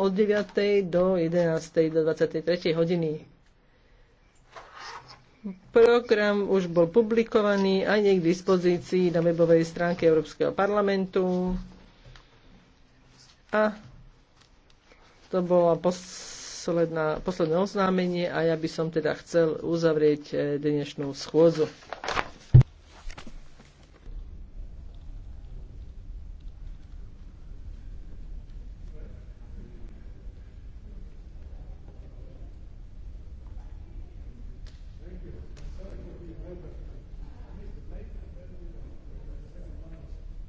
od 9. do 11. do 23. hodiny. Program už bol publikovaný a je k dispozícii na webovej stránke Európskeho parlamentu. A to bolo posledná, posledné oznámenie a ja by som teda chcel uzavrieť eh, dnešnú schôzu.